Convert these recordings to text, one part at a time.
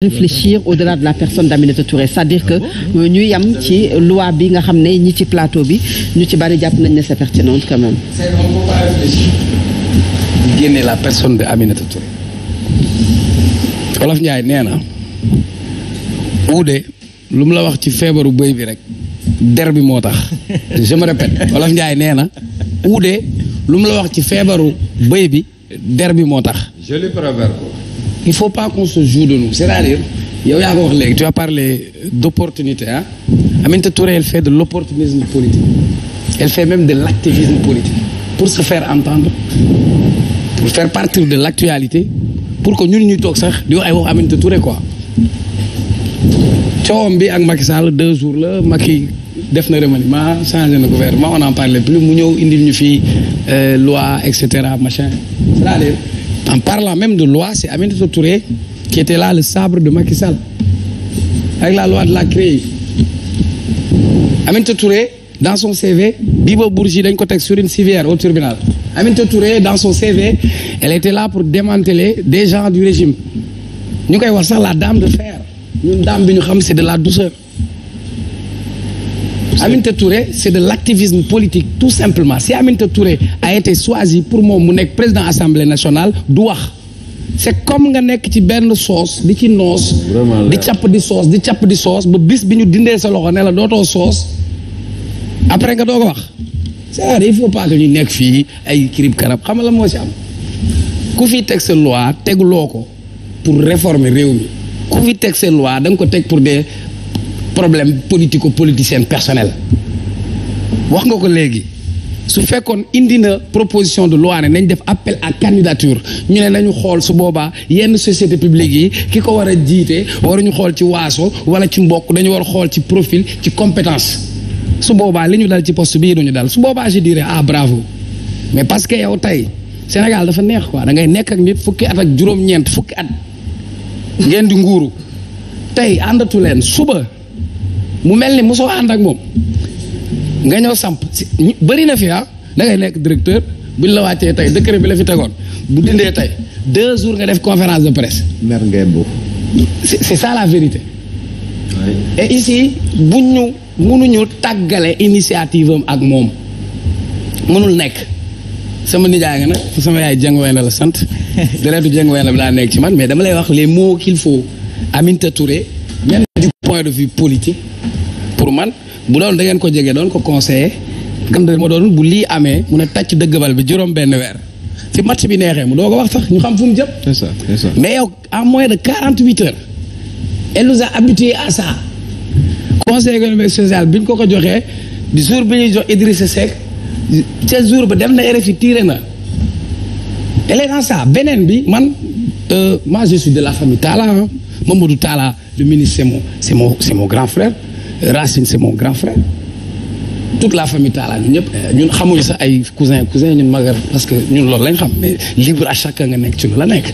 réfléchir au-delà de la personne d'Aminata Touré c'est-à-dire que euh, ñu yam ci loi bi nga xam ne ñi ci plateau bi ñu ci bari jàpp nañ ne sa pertinent quand même. c'est on la personne de Aminata Touré. Njaay nee na. uude lum la wax ci feebaru bëy bi rek. der bi moo tax. je Wolof Njaay nee na. uude lu la wax ci feebaru bëy bi der bi moo tax. je il faut pas qu'on se joue de nous c'est-à-dire yow yaa ko wax léegi tu as parlé d'opportunité ah Aminata Touré elle fait de l'opportunisme politique elle fait même de l'activisme politique pour se faire entendre pour faire partir de l'actualité pour que ñun ñuy toog sax di wax ay wax Aminata Touré quoi coowam bi ak Macky Sall deux jours la Macky def na remaniement changé na gouvernement on en parlait plus mu ñëw indil ñu fii euh, loi et cetera machin c'est-à-dire En parlant même de loi, c'est Aminata Touré qui était là, le sabre de Macky Sall, avec la loi de la CREI. Aminata Touré, dans son CV, Bibo Bourgi dañ ko teg sur une civière au tribunal. Aminata Touré, dans son CV, elle était là pour démanteler des gens du régime. ñu koy wax sax la dame de fer ñun dame bi ñu xam c'est de la douceur. Aminata Touré c'est de l'activisme politique tout simplement si Aminata Touré a été choisi pour moom mu nekk président assemblée nationale du wax c'est comme nga nekk ci benn soos di ci noos di càpp di soos di càpp di soos ba bis bi ñu dindee sa loxo ne la dootoo soos après nga doo ko wax c'est-à-dire il faut pas que ñu nekk fii ay kirib karab xam la moo si am ku fi teg sa loi teguloo ko pour réformer réew mi ku fi teg sa loi da ko teg pour des problème politico politicien personnel wax nga ko léegi su fekkoon indi na proposition de loi ne nañ def appel à candidature ñu ne nañu xool su boobaa yenn société publique yi ki ko war a jiite war ñu xool ci waaso wala ci mbokk dañu war a xool ci profil ci compétence su boobaa li ñu dal ci post bii duñu dal su boobaa je dirais ah bravo mais parce que yow tey Sénégal dafa neex quoi da ngay nekk ak nit fukki at ak juróom-ñeent fukki at ngeen di nguuru tey àndatu leen suba. mu mel ni mosoo ànd ak moom nga ñëw samp bëri na fi ah da ngay nekk directeur buñ la wàccee tey décret bi la fi tegoon bu dindee tey deux jours nga def conférence de presse. mer ngay boobu. c'est ça la vérité. et ici buñ ñu mënuñu tàggale initiative ak moom mënul nekk. sama nijaay nga nag sama yaay jëng wey la sant deretu jëng wey na bi laa nekk ci man mais dama lay wax les mots qu'il faut Aminata Touré même du point de vue politique. pour man bu loolu dangeen ngeen ko jege doon ko conseillé gam moo doon bu lii amee mu ne tàcc dëggabal bi juróom benn weer si match bi neexee mu doo ko wax sax ñu xam fu mu jëm. c'est ça mais yow en moins de quarante huit heures elle nous a habitué à ça conseil économique social bi ñu ko ko joxee jour bi ñuy jox Idrissa Seck ca ba dem na RFI tiré na elle est dans beneen bi man euh, moi je suis de la famille Talla Mamadou Talla le ministre c'est mon c'est mon c'est mon grand frère Racine c'est mon grand frère toute la famille Talla ñun ñëpp ñun xamuñu sax ay cousin cousin ñun magar parce que ñun loolu lañ xam mais libre à chacun nga nekk ci lu la nekk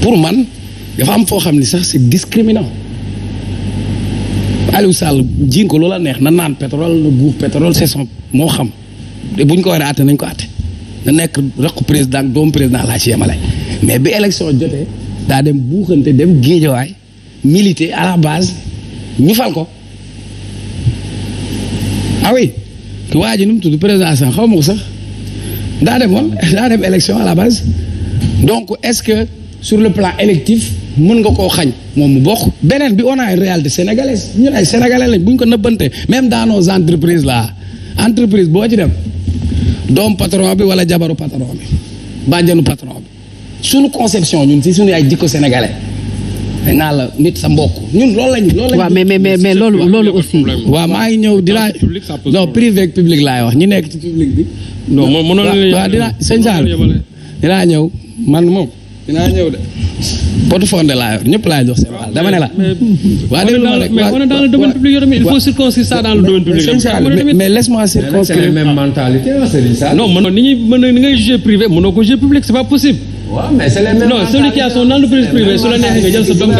pour man dafa am foo xam ni sax c'est discriminant Aliou Sall jiin ko loola neex na naan pétrole na guuf pétrole c'est son moo xam te buñ ko waree àtte nañ ko àtte na nekk rakku président ak doomu président laa ci yemale mais bi élection jotee daa dem buuxante dem géejawaay militer à la base ñu fal ko ah waa ji nu mu tudd président san xaw ma ko sax daa demoon daa dem élection à la base donc est-ce que sur le plan électif mën nga koo xañ moom mu bokk beneen bi on a une réalité sénégalaise ñun ay sénégalais lañ bu ñu ko nëbbante même dans nos entreprises là entreprise boo ci dem doom patron bi wala jabaru patron bi bàjjanu patron bi suñu conception ñun si suñu ay jikko sénégalais nee naa la nit sa mbokk ñun loolu lañu loolu waaw mais mais mais loolu loolu aussi. waaw privé public laay wax ñi nekk ci public bi. non moom mënoon nañu waaw dinaa sëñ Saal dinaa ñëw man de. portefeuille laa yor ñëpp laay jox seen wàll dama ne la. waa déglu mais on est dans le mentalité. non mën ni ñuy mën ni ngay juger privé mënoo ko juger public c'est pas possible. waaw mais c'est les mêmes la neexee nga jël sa doom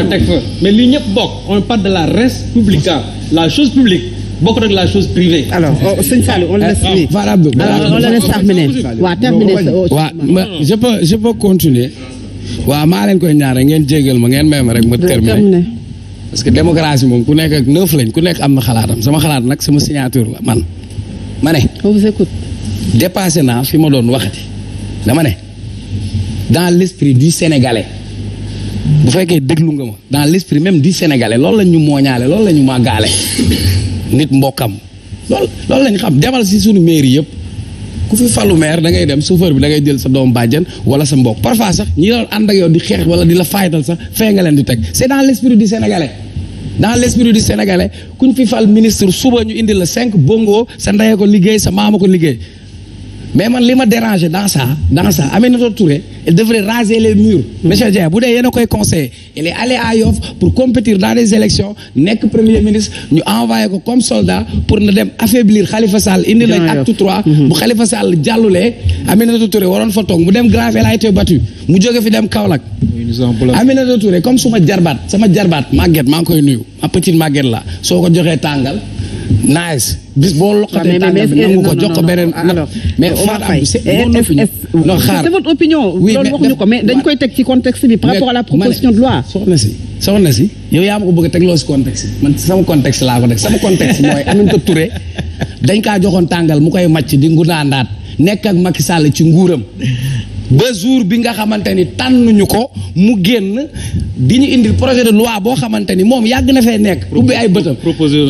mais lii ñëpp bokk on parle de la res publica la chose publique bokk rek la chose privée. alors oh, sëñ Saliou on le laisse finir. Eh, ah, on le laisse terminer. waaw terminer oh, je peux continuer. waa maa leen koy ñaare ngeen jégal ma ngeen may ma rek ma terminer. parce que démocratie moom ku nekk ak neuf lañ ku nekk am na xalaatam sama xalaat nag sama signature la man. ma ne. on naa fi ma doon waxati dama ne. dans l'esprit du sénégalais bu fekkee déglu nga ma dans l'esprit même di sénégalais loolu la ñu mooñaale loolu la ñu màggaale nit mbokkam loolu loolu la xam demal si sunu mairie yëpp ku fi falu maire da ngay dem chauffeur bi da ngay jël sa doom bàjjan wala sa mbokk parfois sax ñi doon ànd ak yow di xeex wala di la faytal sax fee nga leen di teg c'est dans l'esprit du sénégalais dans l'esprit du ku ñu fi fal ministre suba ñu indi la cinq bongo sa ndeye ko liggéey sa maama ko liggéey mais man li ma déranger dans ça dans ça Aminata Touré elle devrait raser les murs. Hmm. monsieur bu dee yéen koy conseillé il est allé à Yoff pour compétir dans les élections nekk premier ministre ñu envoyé ko comme soldat pour na dem affaiblir Khalifa Sall indi nañ acte trois. Hmm. bu Khalifa Sall jàllulee Aminata Touré waroon fa toog mu dem grave elle a été battue mu jóge fi dem Kaolack. Aminata Touré comme suma jarbaat sama jarbaat màgget maa ngi koy nuyu ma petite màgget la soo ko joxee tàngal. nice bis boo loqatee tàngaay bi nangu eh, ko jox ko beneen. Ah, mais Omar eh, Abdou ko ma a tegloo si contexte bi man sama contexte laa tàngal mu koy màcc di ngunaandaat nekk ak Macky Sall ci nguuram ba jour bi nga xamante ni tànnuñu ko mu génn di ñu indil projet de loi boo xamante ni moom yàgg na fee nekk. ubbi ay bëtam proposition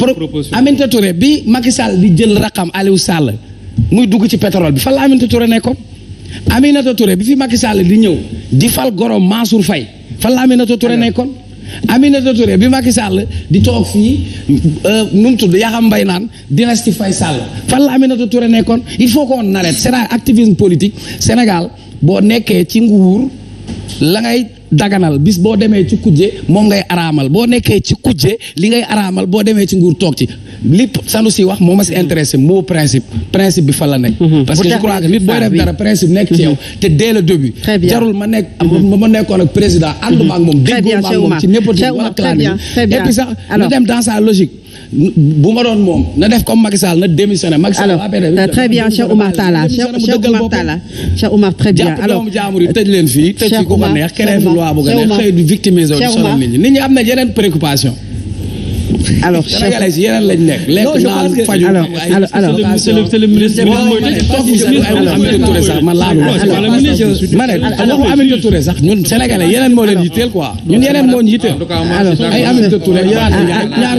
Aminata Touré bi Macky Sall di jël rakam Aliou Sall muy dugg ci pétrole bi fan la Aminata Touré nekkoon Aminata Touré bi fi Macky Sall di ñëw di fal gorom Mansour Faye fan la Aminata Touré nekkoon. Aminata Touré bi Macky Sall di toog fii euh, nu mu tudd Yaxam Mbaye naan dynastie Faye Sall fan la Aminata Touré nekkoon il faut qu'on arrête c'est activisme politique Sénégal boo nekkee ci nguur la daganal bis boo demee ci kujje moom ngay araamal boo nekkee ci kujje li ngay araamal boo demee ci nguur toog ci li Sanusi wax moo ma si intéressé moo principe principe bi fa la nekk. Mhm. parce que je booy def dara principe nekk ci yow. te dès le jarul ma nekk ma nekkoon ak président ànduma ak moom. Mhm. déggoo ma ak moom ci népotisme wala clan et puis sax ñu dem dans sa logique. bu ma doon moom na def comme Macky na démissionné. Macky Sall alors euh, très bien Cheikh Oumar Talla Cheikh Oumar Talla Cheikh Oumar bien. alors jàpp doomu jaamur yi tëj leen fii. Cheikh Oumar Cheikh Oumar tëj fi ku ko neex keneen loi bu ko neex xëy ñu am na yeneen préoccupation. alors sénégalais yi yeneen lañ nekk lekk naan faju alors alors monsieur le ministre Aminata Touré sax man laalu ma ne waxu Aminata Touré sax ñun sénégalais yeneen moo leen yitteel quoi ñun yeneen moo ñu yitteel ay Aminata Touré ñaar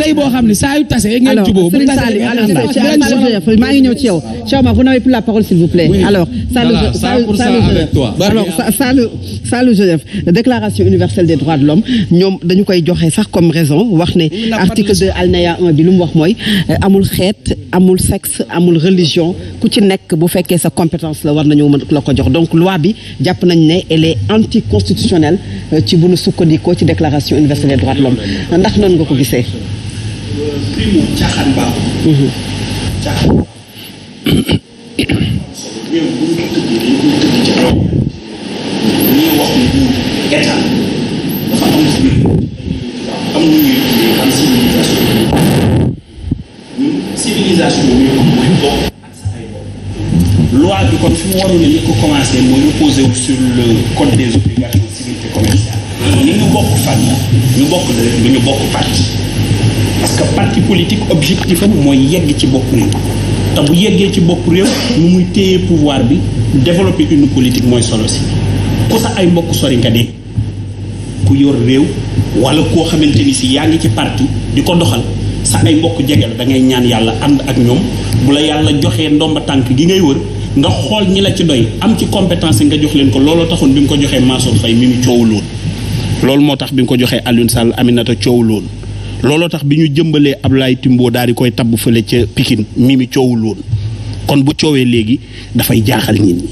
sëy boo xam ne saa yu tase ngeen juboo bu tase ngeen maa ngi ñëw ci yow Chama vous n'avez plus la parole s'il vous plaît alors ça le Joseph déclaration universelle des droits de l'homme ñoom dañu koy joxe sax comme raison Mélenchon wax ne article 2 alinéa 1 bi lu mu wax mooy euh, amul xeet amul sexe amul religion ku ci nekk bu fekkee sa compétence la war nañoo mën la ko jox donc loi bi jàpp nañ ne elle est anticonstitutionnelle euh, ci bu nu sukkandikoo ci déclaration universelle des droits de ndax noonu nga ko gisee. Euh, xamoon ni ko commencé mooy reposer wu sur le code des obligations civiles et commerciales ni ñu bokk famille ñu bokk lu ñu bokk parti parce que parti politique objectif am mooy yegg ci bopp réew te bu yeggee ci bokk réew mu muy téye pouvoir bi développer une politique mooy solo si ku sa ay mbokk sori ku yor réew wala koo xamante ni si yaa ngi ci parti di ko doxal sa ay mbokk jege la da ngay ñaan yàlla ànd ak ñoom bu la yàlla joxee ndomba tànk gi ngay wër nga xool ñi la ci doy am ci compétence nga jox leen ko looloo taxoon bi mu ko joxee Mansour Faye mi mu coowuloon loolu moo tax bi mu ko joxee Alioune Sall Aminata coowuloon looloo tax bi ñu jëmbalee Ablaye timboo daal di koy tabb fële ca mii mi mu coowuloon kon bu coowee léegi dafay jaaxal nit ñi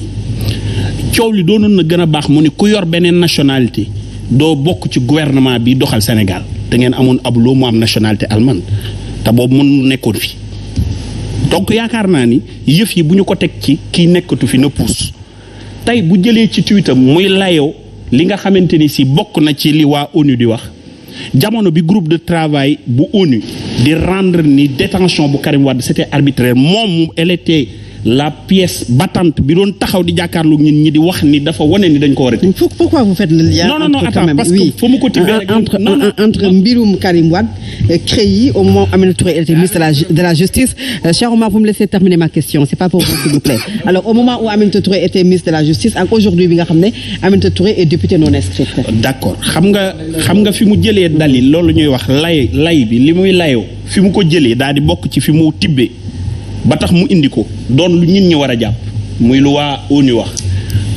coow li doo doonoon na gën a baax mu ne ku yor beneen nationalité doo bokk ci gouvernement bi doxal Sénégal da ngeen amoon ab loo mu am nationalité allemande te boobu mun nekkoon fii donc yaakaar naa ni yëf yi bu ñu ko teg ci kii nekkatu fi na puus tey bu jëlee ci tuitam muy layoo li nga xamante ni si bokk na ci li waa ONU di wax jamono bi groupe de travail bu ONU di rendre ni détention bu Karim Wade c'était arbitraire moom elle était la pièce battante bi doon taxaw di jàkkaarloo ñun ñi di wax ni dafa wane ni dañ ko war a. pourquoi vous faites que fa mu ko tibbee rek. entre entre mbirum Karim Euh, créé au moment où Aminata Touré était ministre de la, de la Justice. Euh, cher Omar, vous me laissez terminer ma question. C'est pas pour vous, s'il vous plaît. Alors, au moment où Touré était ministre de la Justice, ak aujourd'hui bi nga xam ne Aminata Touré est députée non inscrite. D'accord xam nga xam nga fi mu jëlee dalil loolu ñuy wax lay lay bi li muy layoo fi mu ko jëlee daal di bokk ci fi mu tibbee ba tax mu indi ko doon lu ñun ñi war a jàpp muy lu waa ONU wax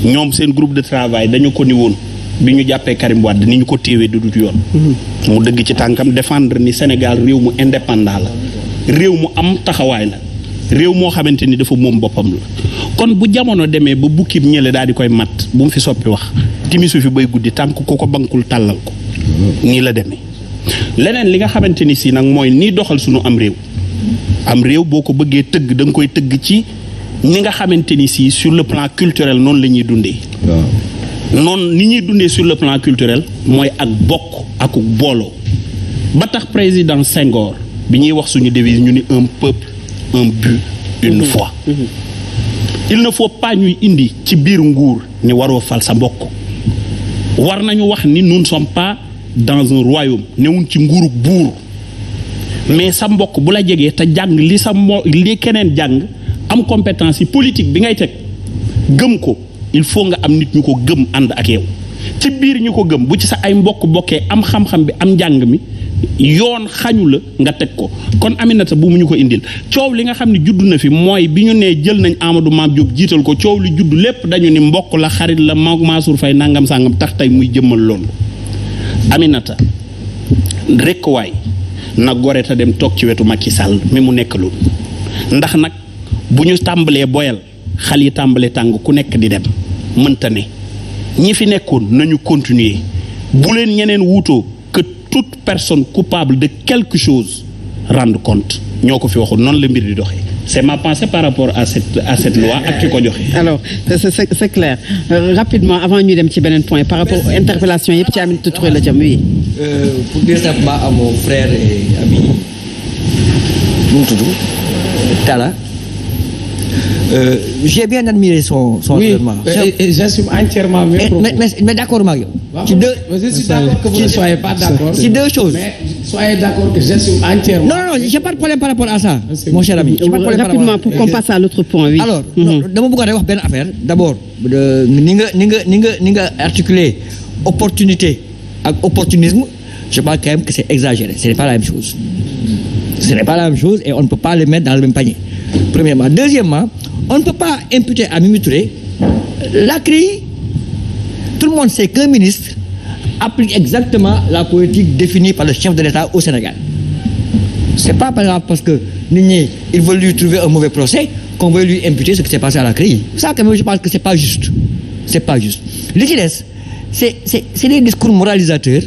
ñoom seen groupe de travail dañu ko ni woon bi ñu jàppee Karim Wade ni ñu ko téewee du dut yoon mu dëgg ci tànkam défendre ni Sénégal réew mu indépendant la réew mu am taxawaay la réew moo xamante ni dafa moom boppam la kon bu jamono demee ba bukki ñële daal di koy mat bu mu fi soppi wax timisu fi bay guddi tànk ku ko bankul tàllal ko nii la demee leneen li nga xamante ni sii nag mooy nii doxal suñu am réew am réew boo ko bëggee tëgg danga koy tëgg ci ni nga xamante ni si sur le plan culturel noonu la ñuy dundee noonu ni ñuy dundee sur le plan culturel mooy ak bokk ak booloo ba tax président Senghor bi ñuy wax suñu devise ñu ni un peuple un but une mhm. foi mhm. il ne faut pas ñuy indi ci biir nguur ni waroo fal sa mbokk war nañu wax ni nun ne sommes dans un royaume newuñ ci nguurug buur mais sa mbokk bu la jegee te jàng li sa mo li keneen jàng am compétence yi politique bi ngay teg gëm ko il faut nga am nit ñu ko gëm ànd ak yow ci biir ñu ko gëm bu ci sa ay mbokk mbokkee am xam-xam bi am njàng mi yoon xañu la nga teg ko kon Aminata bu mu ñu ko indil coow li nga xam ne judd na fi mooy bi ñu nee jël nañ amadu Mame Diop jiital ko coow li judd lépp dañu ni mbokk la xarit la ma Mansour Faye nangam sangam tax tey muy jëmmal loolu Aminata rekk waay na gore dem toog ci wetu Macky Sall mi mu nekk lu ndax nag bu ñu tàmbalee boyal xal yi tàmbalee tàng ku nekk di dem mënta ne ñi fi nekkoon nañu continuer bu leen ñeneen wuutoo que toute personne coupable de quelque chose rende compte ñoo ko fi waxoon noonu la mbir di doxee c'est ma pensée par rapport à cette à cette loi ak ki ko joxe. alors c'est c'est euh, rapidement avant ñu dem ci beneen point par rapport aux interpellations yëpp ci Aminata Touré la jëm oui. Euh, pour dire Euh, j'ai bien admiré son son oui, entraînement. Et, euh, et j'assume Mais, d'accord maa ngi deux choses. non j'ai pas de problème par rapport à ça. Ah, mon cher ami j'ai euh, passe à l'autre point alors mhm. dama bëggoon a wax d'abord ni nga ni nga ni nga ni nga articuler opportunité ak opportunisme je pense quand même que c'est exagéré ce n'est pas la même chose ce n'est pas la même chose et on ne peut pas les mettre dans le même panier premièrement deuxièmement on ne peut pas imputer à Mimi Touré la CREI tout le monde sait qu'un ministre applique exactement la politique définie par le chef de l'État au Sénégal c'est pas par exemple parce que nit ñi ils veulent lui trouver un mauvais procès qu'on veut lui imputer ce qui s'est passé à la CREI ça quand je pense que c'est pas juste c'est li ci des c'est c'est c'est des discours moralisateurs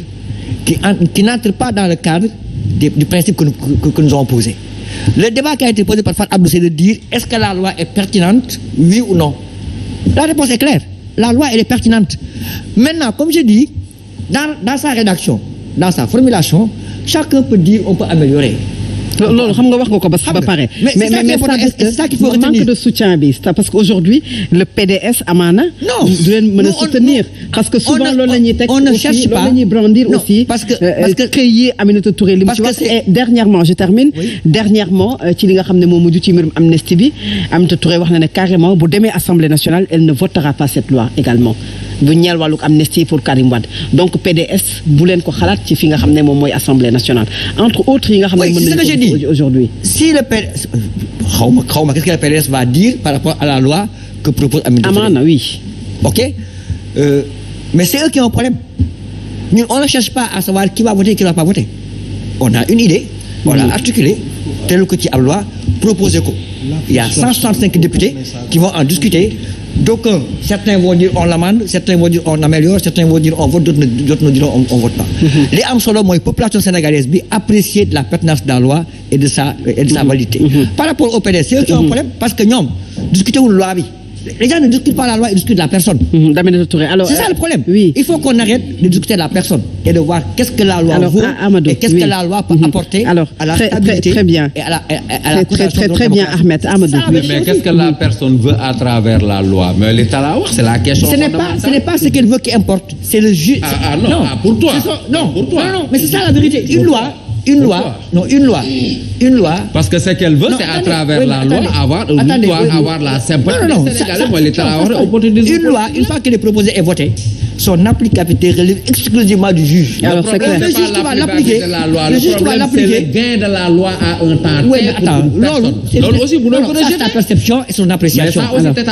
qui qui n'entrent pas dans le cadre des, du principe que nous avons posé Le débat qui a été posé par Fat Abdou, c'est de dire est-ce que la loi est pertinente, oui ou non La réponse est claire. La loi, est pertinente. Maintenant, comme je dis, dans sa rédaction, dans sa formulation, chacun peut dire on peut améliorer. loolu xam nga wax nga ko ba ba pare. mais mais c'est ça qu'il faut retenir manque de soutien bi parce que aujourd'hui le PDS amaana. non a soutenir. parce que souvent loolu la ñuy teg on ne cherche brandir aussi. parce que euh, parce que euh, kër yi Aminata Touré li et dernièrement je termine. dernièrement euh, ci li nga xam ne moo mujj ci mbirum amnistie bi Aminata Touré wax na ne carrément bu demee assemblée nationale elle ne votera pas cette loi également. bu ñeel wàlluk amnistie pour Karim Wade donc bu leen ko xalaat ci fi nga xam ne moom mooy assemblée nationale entre autres yi nga xam ne xaw ma xaw ma quest par rapport à la loi que propose Aminata Amaana oui ok euh, mais c'est eux qui ont un problème ñun on ne cherche pas à ci ab loi ko a 165 députés qui vont en discuter Donc, euh, certains vont dire on l'amende, certains vont dire on améliore, certains vont dire on vote, d'autres nous diront on, vote pas. Mhm. li am solo mooy population sénégalaise bi apprécier de la pertinence de la loi et de sa mhm. validité. Mhm. Par rapport au PDS, c'est un problème parce que ñoom discuté wul Les ne discutent pas la loi, ils discutent la personne. Mhm, c'est ça le euh, problème. Il faut qu'on arrête de discuter la personne qu'est-ce que la loi ah, mhm. apporter alors, très, bien. et à la, Ahmed. qu'est-ce que la personne veut à travers la loi Mais l'État la c'est la question. Ce n'est pas, pas ce qu'elle veut qui importe, c'est le juge. Ah, ah, non, pour toi. non, mais c'est ça la vérité. Une loi une loi non une loi une loi. parce que ce qu'elle veut c'est à travers la loi avoir une la sympathie. non non une loi une fois qu'elle est proposée et votée son applicabilité exclusivement du juge. alors de la loi à un temps. oui mais attends loolu. loolu perception et son appréciation. parce que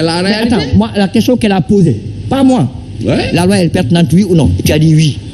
la réalité. mais moi la a loi est pertinente oui ou non tu as dit oui.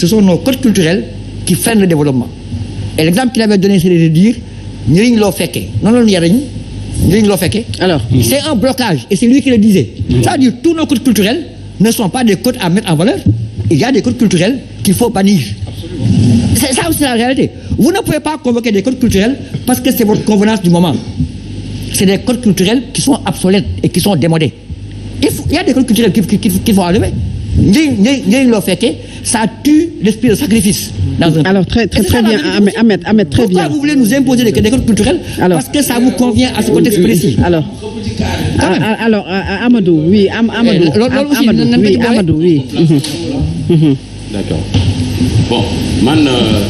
ce sont nos codes culturels qui freinent le développement et c'est de dire njëriñ loo fekkee loo fekkee alors c'est un blocage et c'est lui qui le disait c'est-à-dire tous nos codes culturels ne sont pas des codes à mettre en valeur il y a des codes culturels qu'il faut bannir c'est la réalité vous ne pouvez pas convoquer des codes culturels parce que c'est votre convenance du moment c'est des codes culturels qui sont obsolètes et qui sont démodés il, y a des codes culturels qu'il faut enlever ñuy ñuy ñuy loo fekkee ça tue l'esprit de sacrifice. dans un alors très très, très bien Ahmed Ahmed très bien. pourquoi vous voulez nous imposer des codes culturels. alors parce que ça vous convient à ce contexte euh, précis. alors ah, ah, alors ah, Amadou oui eh, Amadou. loolu Amadou oui. Mhm. Mhm. d'accord bon man euh,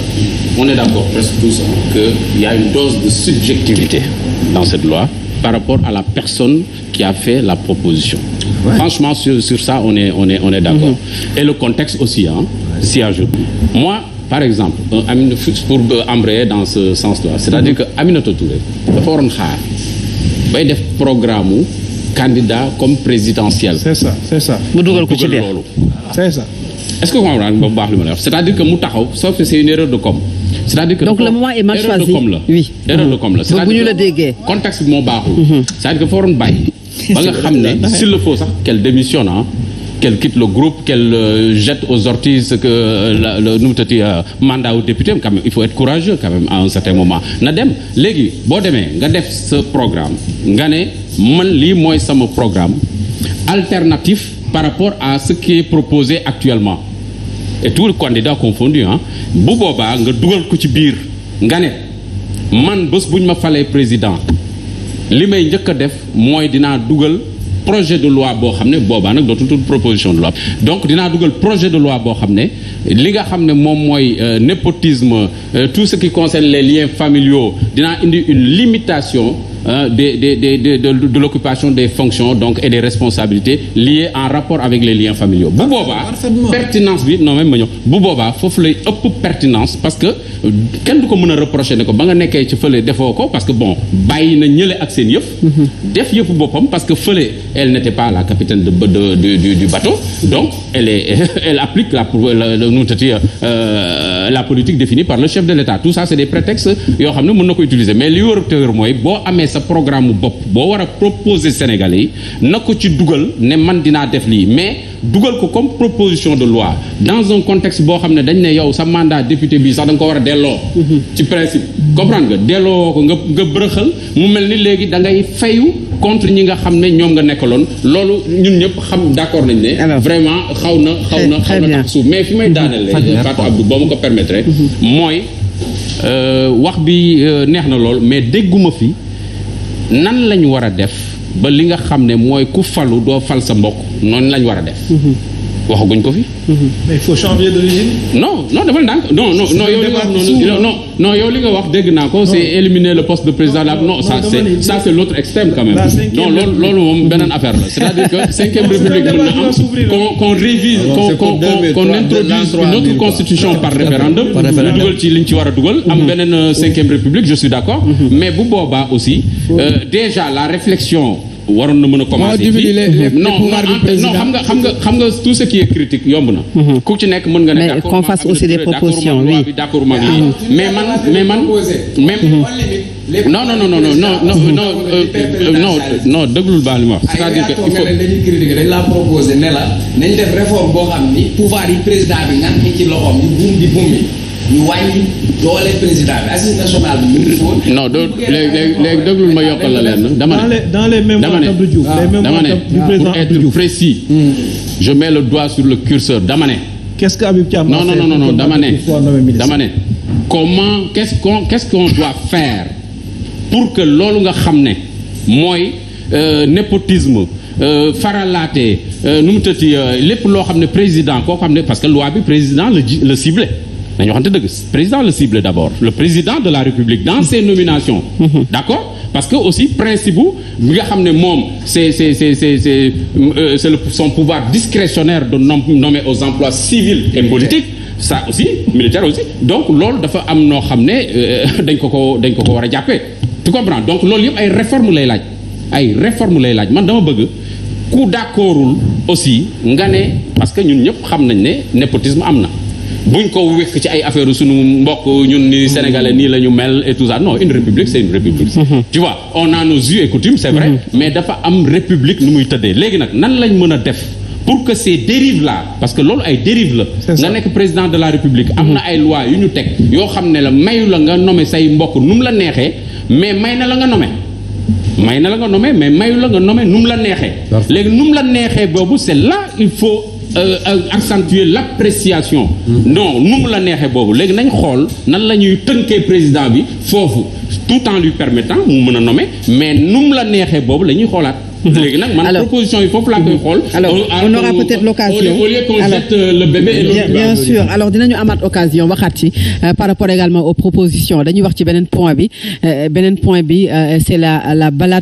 on est d'accord presque tous que il y a une dose de subjectivité dans cette loi par rapport à la personne qui a fait la proposition. Ouais. Franchement, sur, sur, ça, on est, on est, on est d'accord. Mm -hmm. Et le contexte aussi, hein, ajoute. Moi, par exemple, euh, pour euh, embrayer dans ce sens-là, c'est-à-dire mm-hmm. que Aminata Touré dafa waroon xaar bay def programme mu candidat comme présidentiel. c'est ça c'est ça. mu dugal ko ci biir loolu. c'est ça. est-ce que comprendre ba baax c'est-à-dire que mu taxaw sauf que c'est une erreur de com. c'est-à-dire que le moment est mal choisi la oui. erreur de mm-hmm. com la c'est-à-dire que contexte bi moo mm-hmm. c'est-à-dire que fa waroon ba nga xam ne s'il le faut sax quel démissionne ah qu'elle quitte le groupe qu'elle euh, jette aux orties que euh, le nu mu tëddee euh, mandat wu député quand même il faut être courageux quand même à un certain moment na dem léegi boo demee nga def sa programme nga ne man lii mooy sama programme alternatif par rapport à ce qui est proposé actuellement et tout le candidats confondus ah bu boobaa nga dugal ko ci biir nga ne man bés bu ma falee président li may njëkk a def mooy dinaa dugal projet de loi boo xam ne boobaa nag dootul tudd proposition de loi donc dinaa dugal projet de loi boo xam ne li nga xam ne moom mooy euh, népotisme euh, tout ce qui concerne les liens familiaux dinaa indi une limitation des des des de l'occupation des fonctions donc et des responsabilités liées en rapport avec les liens familiaux bu boobaa pertinence bi non même ma ñëw bu booba foofu lay ëpp pertinence parce que euh, kenn du ko mën a reprocher ne ko ba nga nekkee ci fële defoo ko parce que bon bàyyi na ñële ak seen yëf mm-hmm. def yëfu boppam parce que fële elle n'était pas la capitaine de, de du du bateau donc elle est applique la nu euh, la politique définie par le chef de l'État tout ça c'est des prétextes mais li wër boo amee sa programme bopp boo war a proposer sénégal yi na ko ci dugal ne man dinaa def lii mais dugal ko comme proposition de loi dans un contexte boo xam ne dañ ne yow sa mandat député bi sax da nga ko war a delloo. Mhm. ci principe comprendre nga delloo ko nga nga bërëxal mu mel ni léegi da ngay fayu contre ñi nga xam ne ñoom nga nekkaloon loolu ñun ñëpp xam d'accord nañ ne. vraiment xaw na xaw na xaw na tax suuf mais fi may mhm. daaneel. Fatou Abdou boo ma ko permettre. Mhm. mooy euh, wax bi euh, neex na lool mais dégguma fi. nan lañ war a def ba li nga xam ne mooy ku falu doo fal sa mbokk noonu lañ war a def. Mm-hmm. waxaguñ ko fi. mais il faut changer d'origine. non non dafa ndànk non non non yow li nga wax non non yow li nga wax dégg naa ko c'est éliminer le poste de président la non ça c'est ça c'est l'autre extrême quand même non loolu loolu moom beneen affaire la c'est-à-dire que cinquième république mën na am qu'on révise qu'on qu'on qu'on introduise une autre constitution par référendum ñu dugal ci liñ ci war a dugal am mhm. beneen euh, cinquième république je suis d'accord mhm. mais bu boobaa aussi euh, mhm. déjà la réflexion waroon na mën a commencer non ah, non xam nga xam nga xam nga tout ce qui est critique yomb na mhm. ku ci nekk mën nga mais ma mhm. mais man mais man même mhm. non non non non non non non non euh, euh, déglul baal ma wax c'est-à-dire que il faut dañuy critiquer dañ ne la nañ def réforme boo xam ni pouvoir yi président bi nga ci loxoom yi buum bi buum bi ñu wàññi doole président bi assise nationale ma yokkal leen dama ne. les dans les mémoires d'Abdou Diouf ah. président hmm. je mets le doigt sur le curseur dama ne. qu'est-ce que Habib Thiam non non non non dama ne dama ne. comment qu'est-ce qu'on quest doit faire pour que loolu nga xam ne mooy euh, népotisme. Euh, faralaate euh, nu mu tëti lép loo xam ne président koo xam ne parce que loi bi président la ji la ciblé. nañu waxante dëgg président le cible d'abord le président de la république dans ses nominations mhm. d'accord parce que aussi principe bu nga xam ne moom c'est c'est c'est c'est c'est euh, son pouvoir discrétionnaire de nommer aux emplois civils et politiques ça aussi militaire aussi donc loolu dafa am noo xam ne euh, dañ ko ko dañ ko ko war a jàppe tu comprends donc loolu yëpp ay réforme lay laaj ay réforme lay laaj man dama bëgg ku d'accordul aussi nga ne parce que ñun ñëpp xam nañ ne népotisme am na buñ ko wékk ci ay affaire suñu mbokk ñun ni sénégalais nii la mel et tout ça non une république c'est une république mhm. tu vois on a nos us et coutumes c'est vrai mhm. mais dafa am république nu muy tëddee léegi nag nan lañ mën a def pour que ces dérives là parce que loolu ay dérives la nga nekk président de la république am na mhm. ay lois yu ñu teg yoo xam ne la mayu la nga nommé say mbokk nu mu la neexee mais may na la nga nommé may na la nga nommé mais mayu la nga nommé nu mu la neexee léegi Euh, euh, accentuer l'appréciation non nu mu la neexee boobu léegi nañ xool nan la ñuy tënkee président bi foofu tout en lui permettant mu mën a nommer mais nu la neexee boobu la ñuy xoolaat mhm. léegi nag man proposition yi foofu laa koy mhm. xool. alors euh, on aura peut-être l'occasion alors dinañu amaat occasion waxaat ci par rapport également aux propositions dañuy wax ci beneen point bi beneen point bi c'est la la balade.